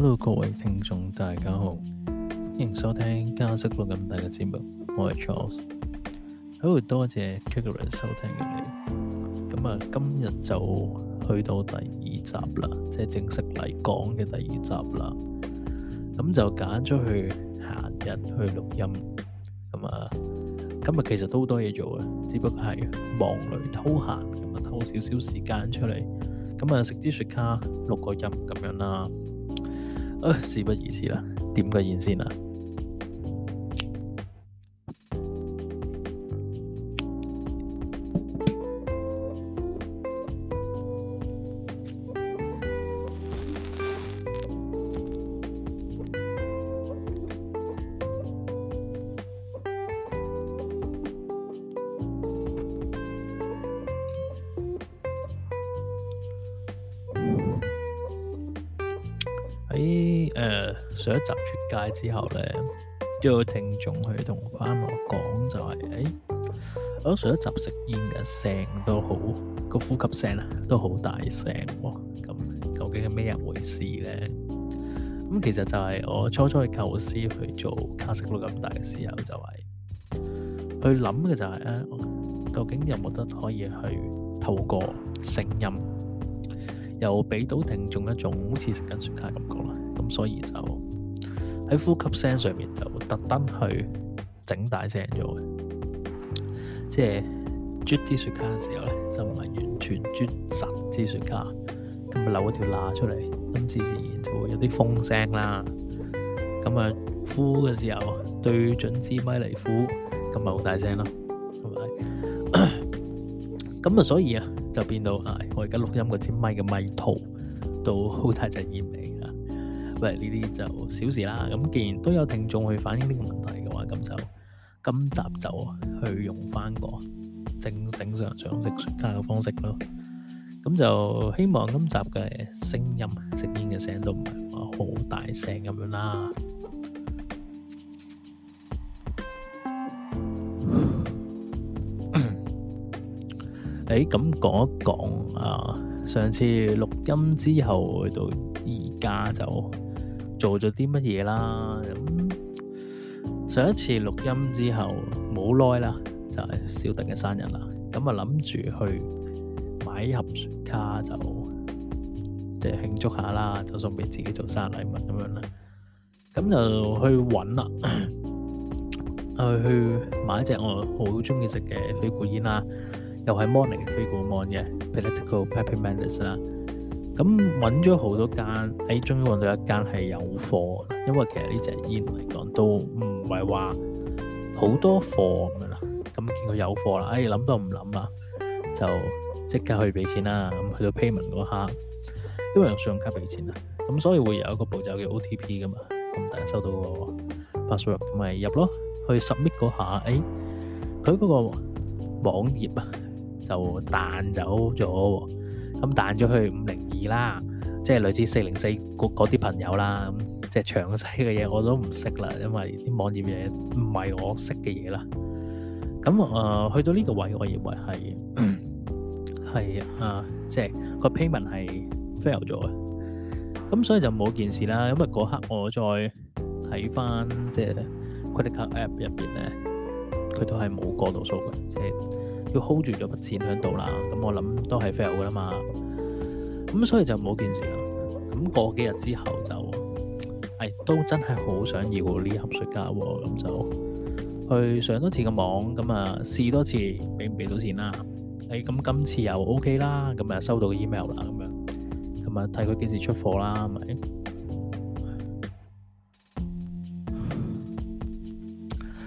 Hello 各位聽眾大家好，歡迎收聽茄式錄音帶嘅節目。我係 Charles，好多謝 Kira 收聽嘅你。咁啊，今日就去到第二集啦，即係正式嚟講嘅第二集啦。咁就揀咗去閒日去錄音。咁啊，今日其實都好多嘢做啊，只不過係忙裏偷閒，咁啊偷少少時間出嚟。咁啊，食支雪茄錄個音咁樣啦。啊、呃，事不宜遲啦，點個煙先啊。集出街之後呢，有個聽眾佢同我講就係、是：，誒，我上一集食煙嘅聲都好個呼吸聲啊，都好大聲喎。咁究竟係咩一回事呢？咁其實就係我初初去構思去做茄式錄音帶嘅時候、就是，就係去諗嘅就係啊，究竟有冇得可以去透過聲音又俾到聽眾一種好似食緊雪茄嘅感覺啦。咁所以就～喺呼吸聲上面就特登去整大聲咗，即係啜啲雪茄嘅時候呢，就唔係完全啜十隻雪茄，咁就留一條罅出嚟，咁自自然就會有啲風聲啦。咁啊，呼嘅時候對準支咪嚟呼，咁咪好大聲咯，係咪？咁啊， 所以就變到我而家錄音嗰支咪嘅咪圖都好大真味。唔係，呢啲就小事啦。咁既然都有聽眾去反映呢個問題嘅話，咁就今集就去用翻個正正常常識專家嘅方式咯。咁就希望今集嘅聲音食煙嘅聲都唔係話好大聲咁樣啦。誒，咁講一講啊，上次錄音之後到而家就～做咗啲乜嘢啦？咁上一次錄音之後冇耐啦，就係、是、小迪嘅生日啦。咁啊諗住去買一盒卡就，就即係慶祝下啦，就送俾自己做生日禮物咁樣啦。咁就去揾啦，去買隻我好中意食嘅菲古煙啦，又係 Morning 菲古 Mon 嘅 Political Papier Mâché 啦。 咁揾咗好多間，哎，終於揾到一間係有貨，因為其實呢隻煙嚟講都唔係話好多貨咁樣啦。咁見佢有貨啦，哎，諗都唔諗啦，就即刻去俾錢啦。咁去到 payment 嗰下，因為用信用卡俾錢啦，咁所以會有一個步驟叫 OTP 噶嘛。咁大家收到個 password 咁咪入咯。去 submit 嗰下，哎，佢嗰個網頁啊就彈走咗，咁彈咗去五零。而啦，即係類似四零四嗰啲朋友啦，即係詳細嘅嘢我都唔識啦，因為啲網頁嘢唔係我識嘅嘢啦。咁誒、呃、去到呢個位，我認為係係、嗯、啊，即係個 payment 係 fail 咗嘅。咁所以就冇件事啦，因為嗰刻我再睇翻即係 credit card app 入邊咧，佢都係冇過度數嘅，即係要 hold 住咗筆錢喺度啦。咁我諗都係 fail 噶啦嘛。咁所以就冇件事啦。咁過幾日之後就，誒、哎，都真係好想要呢盒雪茄喎。咁就去上多次個網，咁啊試多次，俾唔俾到錢啦，啊？誒、哎，咁今次又 OK 啦，咁啊收到個 email 啦，咁樣，咁啊睇佢幾時出貨啦，係咪？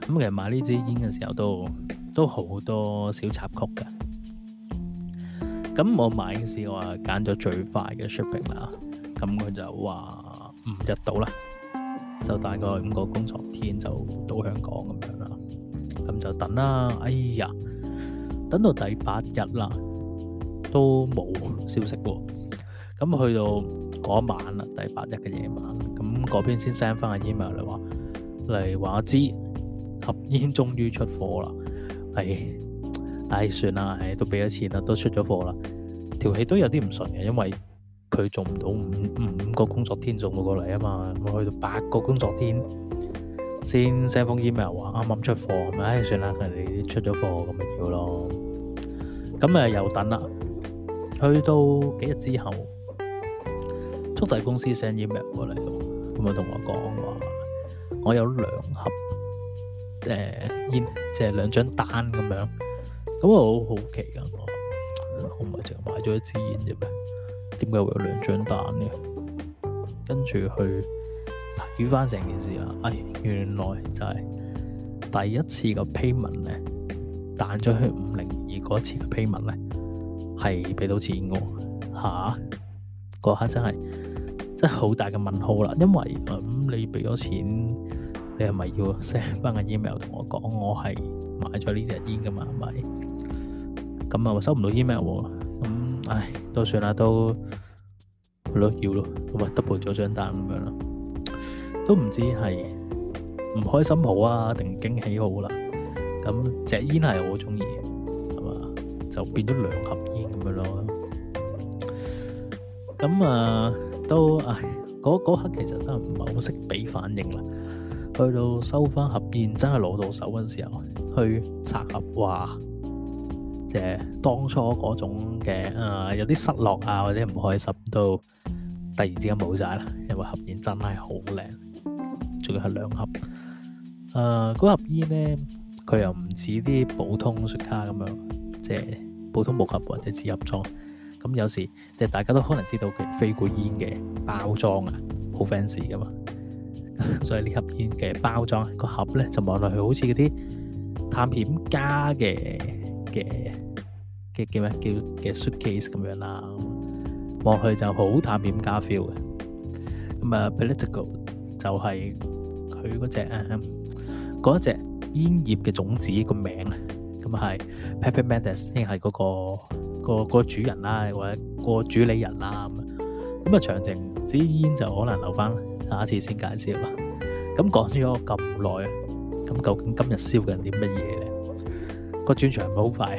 咁其實買呢支煙嘅時候都都好多小插曲嘅。咁我買嘅時，我係揀咗最快嘅 shipping 啦。咁佢就話五日到啦，就大概五個工作天就到香港咁樣啦。咁就等啦。哎呀，等到第八日啦，都冇消息喎。咁去到嗰晚啦，第八日嘅夜晚，咁嗰邊先 send 翻個 email 嚟話，嚟話我知盒煙終於出貨啦，係。唉、哎，算啦，唉，都俾咗錢啦，都出咗貨啦，條氣都有啲唔順嘅，因為佢做唔到五五個工作天送我過嚟啊嘛，我去到八個工作天先 send 封 email 話啱啱出貨，唉、哎，算啦，佢哋出咗貨咁咪要咯，咁啊又等啦，去到幾日之後，速遞公司 send email 過嚟，咁咪同我講話，我有兩盒誒煙、呃，即係兩張單咁樣。咁我好好奇啊，我唔係淨係買咗一支煙啫咩？點解會有兩張單呢？跟住去睇返成件事啦。哎，原來就係第一次嘅 payment 呢，彈咗去五零，二嗰次嘅 payment 呢，係畀到錢嘅。吓、啊，嗰下真係，真係好大嘅問號啦。因為咁、嗯、你畀咗錢，你係咪要 send 翻個 email 同我講，我係買咗呢隻煙㗎嘛？係咪？咁啊，收唔到 email 咁唉，都算啦，都係咯，要咯，唔係 double 咗張單咁樣啦，都唔知係唔開心好啊，定驚喜好啦、啊。咁隻煙係我好中意，係嘛，就變咗兩盒煙咁樣咯。咁啊，都唉，嗰刻其實真係唔係好識俾反應啦。去到收翻盒煙，真係攞到手嗰時候，去拆盒哇！即係當初嗰種嘅，誒、呃、有啲失落啊，或者唔開心，都突然之間冇晒啦。因為盒煙真係好靚，仲要係兩盒。誒、呃、嗰盒煙咧，佢又唔似啲普通雪茄咁樣，即係普通木盒或者紙盒裝。咁有時即係大家都可能知道嘅非古煙嘅包裝啊，好 fancy 噶嘛。所以呢盒煙嘅包裝個盒咧，就望落去好似嗰啲探險家嘅嘅。嘅叫咩？叫嘅 suitcase 咁樣啦，望去就好探險家 feel 嘅。咁啊，political 就係佢嗰隻啊，嗰隻煙葉嘅種子個名咧，咁係 Papamantis 先係嗰個個、個主人啦，或者個主理人啦咁。咁啊，長情支煙就可能留翻，下一次先介紹啦。咁講咗咁耐，咁究竟今日燒緊啲乜嘢咧？個轉場唔係好快，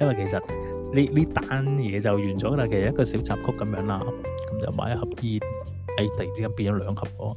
因為其實呢呢單嘢就完咗啦，其實一個小插曲咁樣啦，咁就買一盒煙，哎突然之間變咗兩盒喎，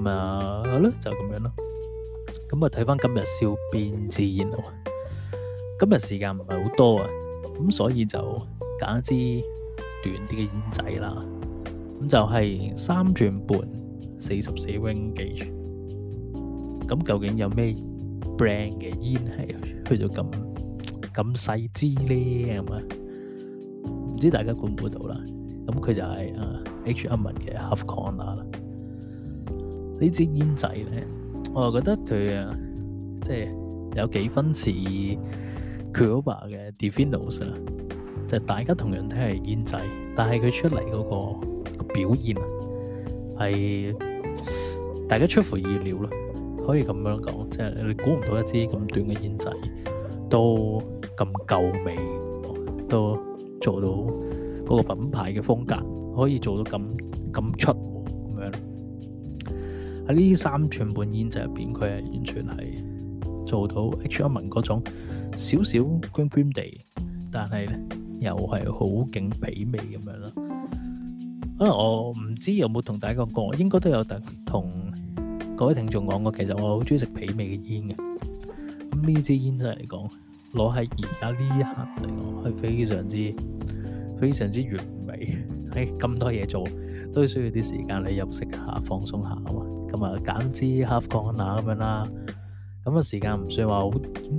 咁啊，好啦就咁樣咯，咁啊睇翻今日燒邊支煙，今日時間唔係好多啊，咁所以就揀一支短啲嘅煙仔啦，咁就係三寸半四十四 ring gauge，咁究竟有咩？Brand 嘅煙係去到咁咁細支咧，係嘛？唔知大家估唔估到啦？咁佢就係啊 Herman 嘅 Half Corner 啦。呢支煙仔咧，我就覺得佢啊，即係有幾分似 Cuba 嘅 Definos 啦。就大家同樣都係煙仔，但係佢出嚟嗰、嗰個嗰個表現係大家出乎意料咯。可以咁樣講，即係你估唔到一支咁短嘅煙仔，都咁夠味，都做到嗰個品牌嘅風格，可以做到咁咁出咁樣。喺呢三寸半煙仔入邊，佢係完全係做到 H11 嗰種少少 premium 地，但係咧又係好勁媲美咁樣咯。可能我唔知有冇同大家講過，應該都有同各位聽眾講過，其實我好鍾意食皮味嘅煙嘅。咁呢支煙真係嚟講，攞喺而家呢一刻嚟講，係非常之、非常之完美的、哎。這咁多嘢做，都需要啲時間嚟休息下、放鬆下啊嘛。咁啊，揀支 Half Crown 啦咁樣啦，咁啊時間唔算話好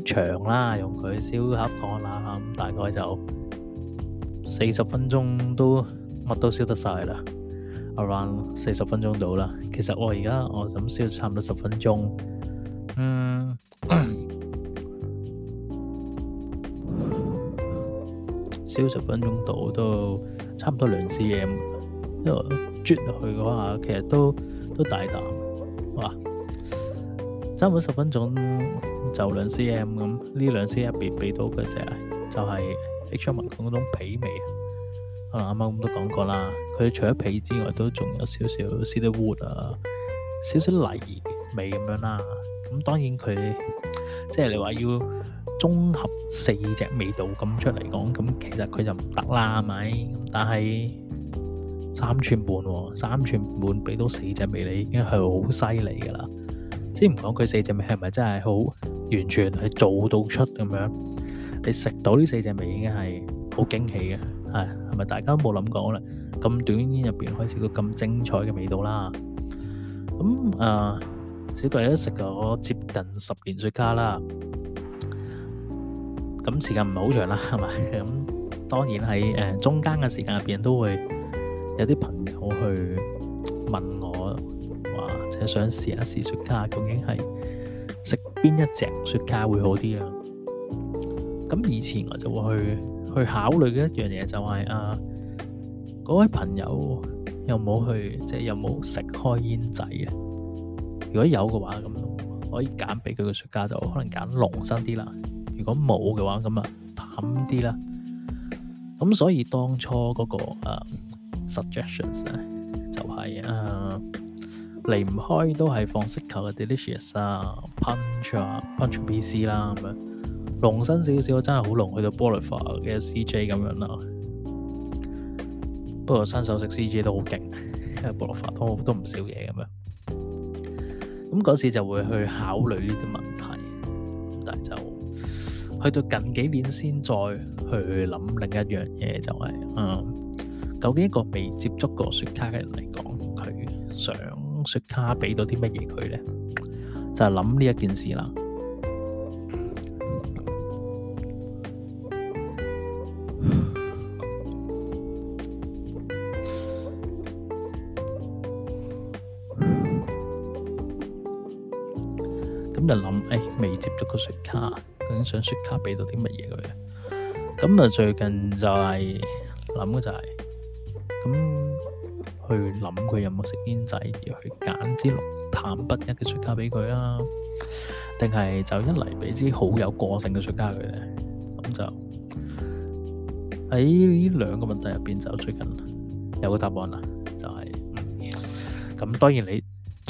長啦，用佢燒 Half Crown 大概就四十分鐘都乜都燒得晒啦。四十分鐘到啦，其實我而家我咁燒差唔多十分鐘，嗯，燒十 分鐘到都差唔多兩 cm，因為啜落去嘅話其實都都大啖，哇，差唔多十分鐘就兩 cm 咁，呢兩 cm 入邊畀到嘅就係就係一窗文房嗰種皮味。啊，啱啱咁都講過啦。佢除咗皮之外，都仲有少少 cedarwood 啊，少少泥味咁樣啦。咁當然佢即係你話要綜合四隻味道咁出嚟講，咁其實佢就唔得啦，係咪？但係三寸半，三寸半俾到四隻味你，已經係好犀利噶啦。先唔講佢四隻味係咪真係好完全係做到出咁樣，你食到呢四隻味已經係好驚喜嘅。係，係咪大家都冇諗過咧？咁短煙入邊可以食到咁精彩嘅味道啦！咁啊，小弟都食咗接近十年雪茄啦，咁時間唔係好長啦，係咪？咁當然喺誒、呃、中間嘅時間入邊都會有啲朋友去問我話，即係想試一試雪茄，究竟係食邊一隻雪茄會好啲啊？咁以前我就會去。去考慮嘅一樣嘢就係啊，嗰位朋友有冇去即係有冇食開煙仔啊？如果有嘅話，咁可以揀俾佢嘅雪茄就可能揀濃身啲啦。如果冇嘅話，咁啊淡啲啦。咁所以當初嗰個啊 suggestions 咧，就係啊離唔開都係放色球嘅 delicious 啊 punch 啊 punch bc 啦咁樣。龍身少少，真係好濃，去到波洛法嘅 CJ 咁樣啦。不過新手食 CJ 都好勁，因為波洛法多都唔少嘢咁樣。咁嗰時就會去考慮呢啲問題，但係就去到近幾年先再去諗另一樣嘢，就係、是、嗯，究竟一個未接觸過雪茄嘅人嚟講，佢想雪茄俾到啲乜嘢佢咧？就係諗呢一件事啦。個雪茄，究竟想雪茄俾到啲乜嘢佢？咁啊，最近就係諗嘅就係、是，咁去諗佢有冇食煙仔，要去揀支濃淡不一嘅雪茄俾佢啦，定係就一嚟俾支好有個性嘅雪茄佢咧？咁就喺呢兩個問題入邊，就最近有個答案啦，就係、是，咁當然你。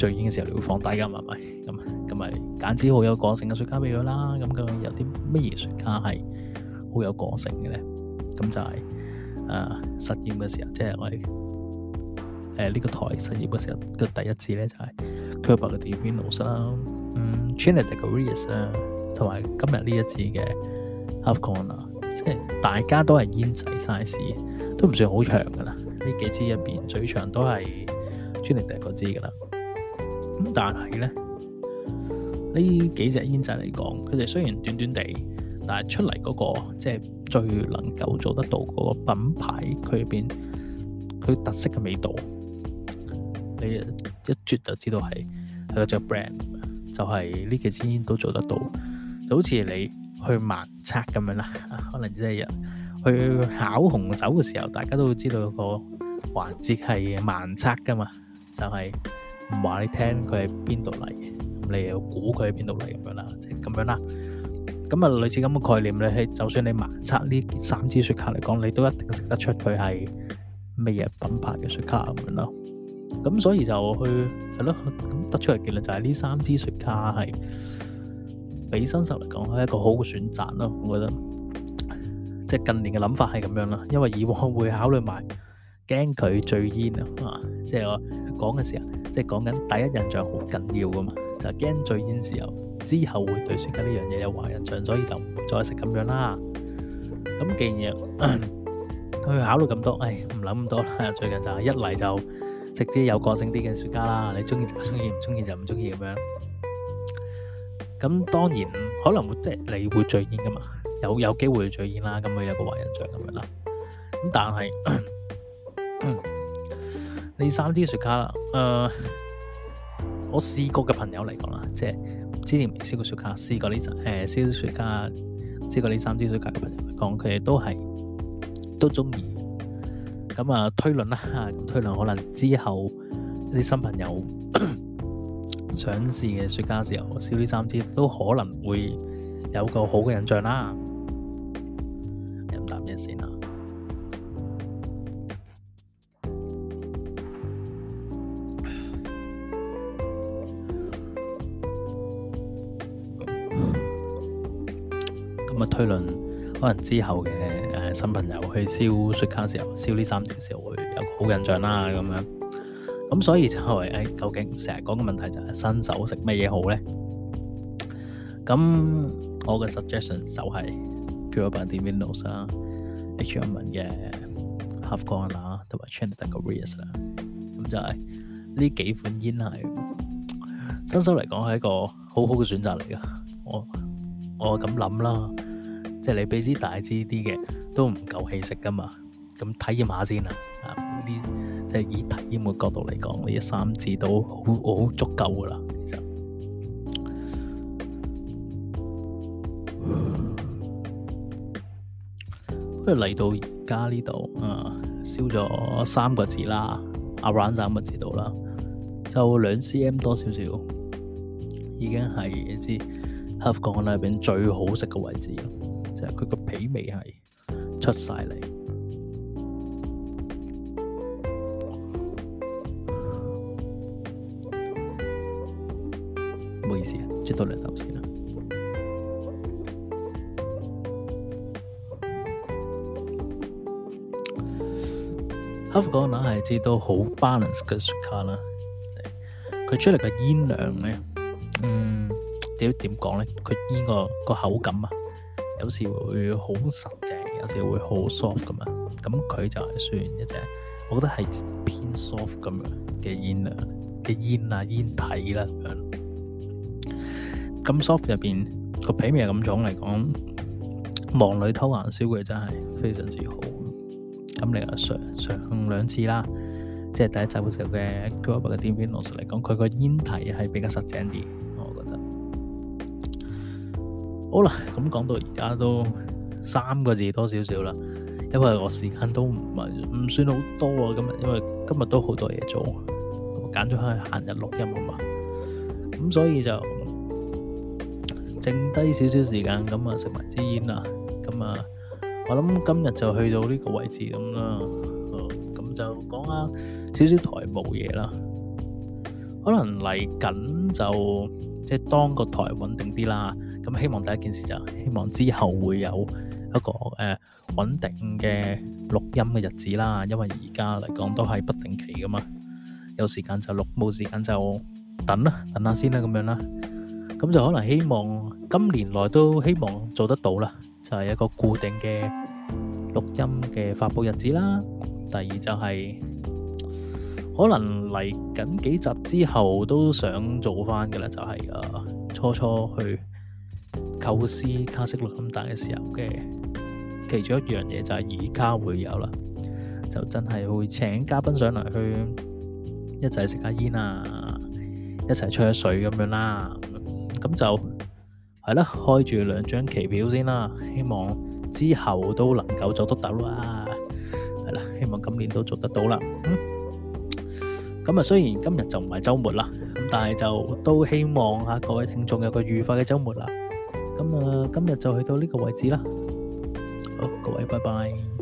最演嘅時，、嗯嗯就是啊、時候，你會放大嘅，係咪咁？咁咪揀支好有個性嘅雪茄俾佢啦。咁今日有啲乜嘢雪茄係好有個性嘅咧？咁就係啊實驗嘅時候，即係我哋誒呢個台實驗嘅時候，嘅第一支咧就係、是、Cuaba 嘅 Divinos 啦、嗯，嗯，Trinidad 嘅 Reyes 啦，同、啊、埋今日呢一支嘅 Half Corona，即係大家都係煙仔 size 都唔算好長噶啦。呢幾支入邊最長都係 Trinidad 嗰支噶啦。咁但係咧，呢幾隻煙仔嚟講，佢哋雖然短短地，但係出嚟嗰個即係最能夠做得到嗰個品牌，佢入邊佢特色嘅味道，你一啜就知道係係嗰隻 brand，就係呢幾支煙都做得到。就好似你去盲測咁樣啦，可能即係入去考紅酒嘅時候，大家都會知道個環節係盲測㗎嘛，就係。唔話你聽佢係邊度嚟嘅，咁你又估佢係邊度嚟咁樣啦，即係咁樣啦。咁啊，類似咁嘅概念，你喺就算你盲測呢三支雪茄嚟講，你都一定食得出佢係咩嘢品牌嘅雪茄咁樣咯。咁所以就去係咯，咁得出嚟嘅結論就係呢三支雪茄係俾新手嚟講係一個好嘅選擇咯。我覺得即係近年嘅諗法係咁樣啦，因為以往會考慮埋驚佢醉煙啊，即係我講嘅時候。即係講緊第一印象好緊要噶嘛，就驚醉煙時候，之後會對雪茄呢樣嘢有壞印象，所以就唔再食咁樣啦。咁既然要佢考慮咁多，唉，唔諗咁多啦。最近就係一嚟就食啲有個性啲嘅雪茄啦，你中意就中意，唔中意就唔中意咁樣。咁當然可能會即係你會醉煙噶嘛，有有機會醉煙啦，咁佢有個壞印象咁樣啦。咁但係。呢三支雪茄啦，誒、呃，我試過嘅朋友嚟講啦，即係之前未試過雪茄，試過呢三支雪茄，試過呢三支雪茄嘅朋友嚟講，佢哋都係都中意。咁啊，推論啦，推論可能之後一啲新朋友想試嘅雪茄時候，燒呢三支都可能會有個好嘅印象啦。飲啖嘢先啦。可能之後嘅誒新朋友去燒雪茄時候，燒呢三件時候會有個好印象啦，咁樣。咁所以就係誒，究竟成日講嘅問題就係新手食乜嘢好咧？咁我嘅 suggestion 就係 Cuaba 嘅 Divinos 啦 H. Upmann 嘅 Half Corona 啦，同埋 Trinidad 嘅 Reyes 啦。咁就係呢幾款煙係新手嚟講係一個好好嘅選擇嚟嘅。我我咁諗啦。即係你俾支大支啲嘅都唔夠氣食噶嘛？咁體驗下先啦，啊呢啲即係以體驗嘅角度嚟講，呢三支都好好足夠噶啦。其實，咁嚟 到而家呢度啊，燒咗三個字啦，around 三個字度啦，就兩 cm 多少少，已經係一支黑鋼裡面最好食嘅位置。其實佢個皮味係出曬嚟，唔好意思，接多兩啖先啦。哈弗格拿係至到好 balance 嘅雪茄啦，佢出嚟嘅煙量咧，嗯，點點講咧，佢煙個個口感啊。有時會好實淨，有時會好 soft 咁啊，咁佢就係算一隻，我覺得係偏 soft 咁樣嘅煙啦，嘅煙啦，煙體啦咁。咁 soft 入邊個皮味係咁種嚟講，忙裏偷閒燒嘅真係非常之好。咁你啊上上兩次啦，即係第一集嘅時候嘅 Gilbert 嘅點煙老師嚟講，佢個煙體係比較實淨啲。好啦，咁講到而家都三個字多少少啦，因為我時間都唔係唔算好多啊。咁啊，因為今日都好多嘢做，咁揀咗去閒日錄音啊嘛。咁所以就剩低少少時間，咁啊食埋支煙啦。咁啊，我諗今日就去到呢個位置咁啦。咁就講下少少台務嘢啦，可能嚟緊就即係當個台穩定啲啦。咁希望第一件事就希望之後會有一個誒穩定嘅錄音嘅日子啦。因為而家嚟講都係不定期㗎嘛，有時間就錄，冇時間就等啦，等下先啦，咁樣啦。咁就可能希望今年內都希望做得到啦，就係一個固定嘅錄音嘅發佈日子啦。第二就係可能嚟緊幾集之後都想做返嘅啦，就係誒初初去。構思茄式錄咁大嘅時候嘅，其中一樣嘢就係而家會有啦，就真係會請嘉賓上嚟去一齊食下煙啊，一齊吹下水咁樣啦。咁就係啦，開住兩張期票先啦，希望之後都能夠做得到啦。係啦，希望今年都做得到啦。咁啊，雖然今日就唔係週末啦，咁但係就都希望啊，各位聽眾有個愉快嘅週末啦。咁啊，今日就去到呢個位置啦。好，各位，拜拜。